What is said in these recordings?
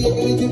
Thank you.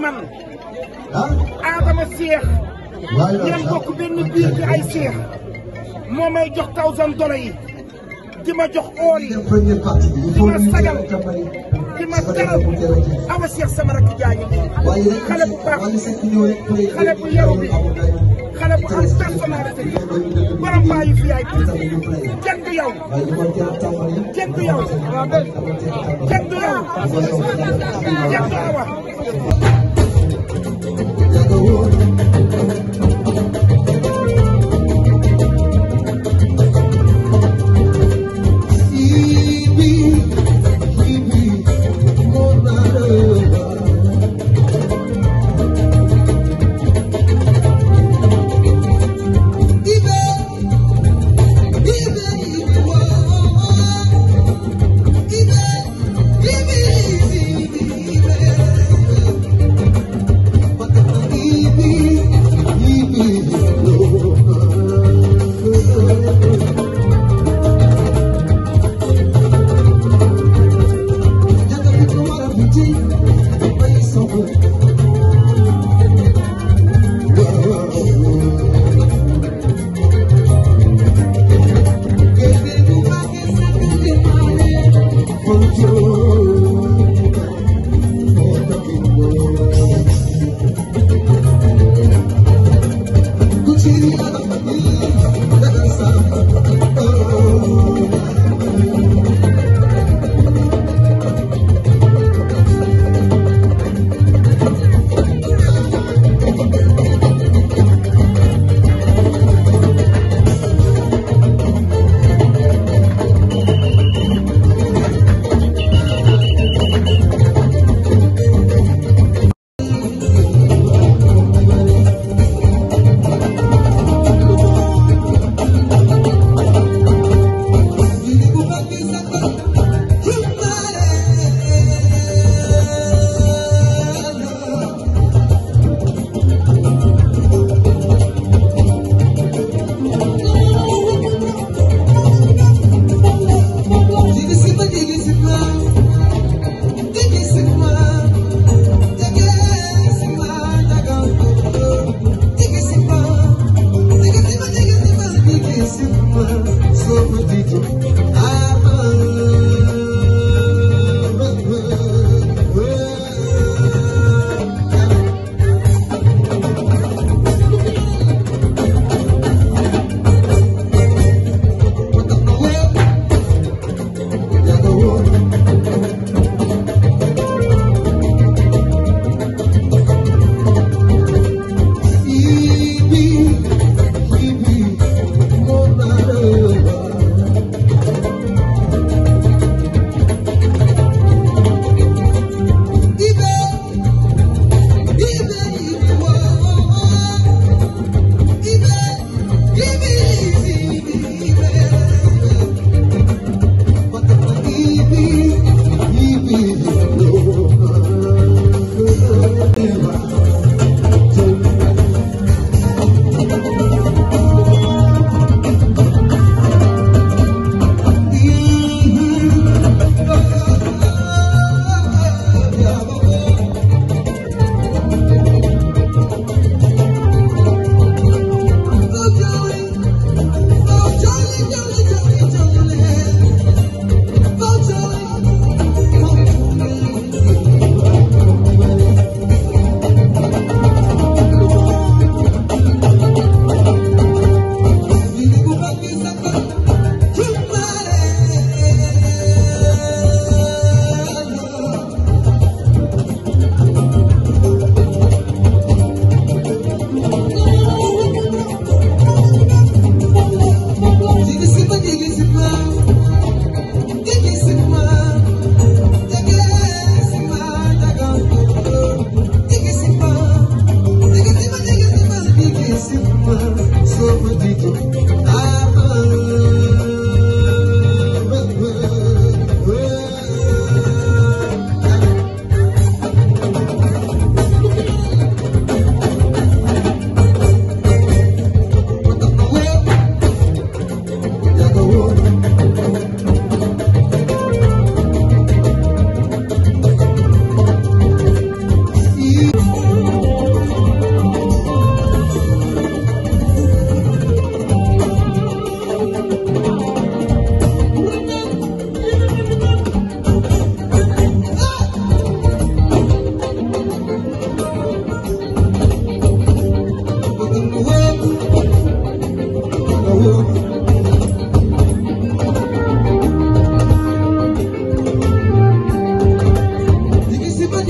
man Adama Seex ñan bokk benn biir di ay Seex moo may jox thousand dollars yi di ma jox ool di ma sagal di ma teral Awa Seex sama rakk jaañu xale bu baax xale bu yaru bi xale bu am personnalité borom baayu fi ay kenn du yow kenn du yow kenn du yow kenn du awa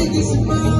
gis ma